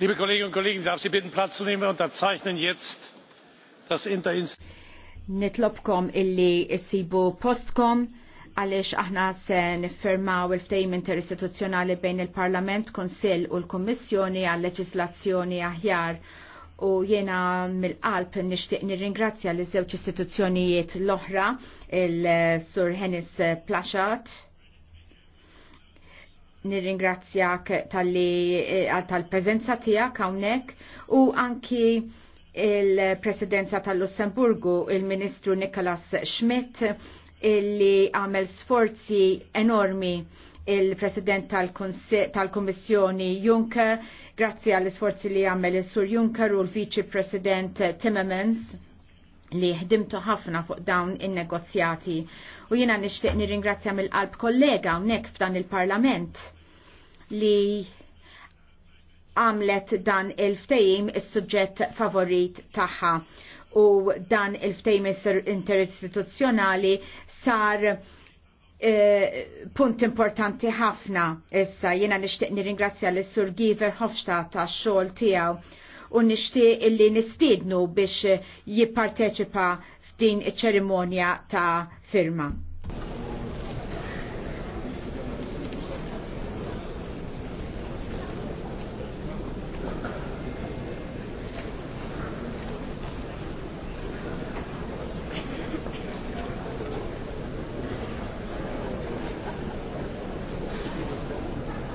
Liebe Kolleginnen und Kollegen, darf Sie bitten Platz zu nehmen. Wir unterzeichnen jetzt das Interinstitutionelle. Nitlobkom illi issibu postkom għalix aħna se niffermaw il-ftejm interistituzzjonali bejn il-Parlament, Konsil u l-Kommissjoni għal leġislazzjoni aħjar u jena mill-qalb nishtiq nirringrazzja l-żewġ istituzzjonijiet l-oħra il-Sur Henis Plaxat nirringrazzjak eh, tal-prezenza tal tijak għawnek u anki il-presidenza tal-Lussemburgu, il-ministru Nikolas Schmidt, illi għamel sforzi enormi il-President tal-Kommissjoni tal Juncker, grazzi għall-sforzi li għamel il-Sur Juncker u l-Vice President Timmermans li ħdimtu ħafna fuq dawn in-negozjati u jiena nixtieq nirringrazzja mill-qalb kollega hawnhekk f'dan il-Parlament li għamlet dan il-ftejim is-suġġett favorit tagħha u dan il-ftejim interistituzzjonali sar E, punt importanti ħafna issa nishtiq nixtieq nirringrazzja l sur Giver Hofstadt tax xogħol tiegħu u nixtieq illi nistiednu biex jipparteċipa f'din iċ-ċerimonja ta' firma.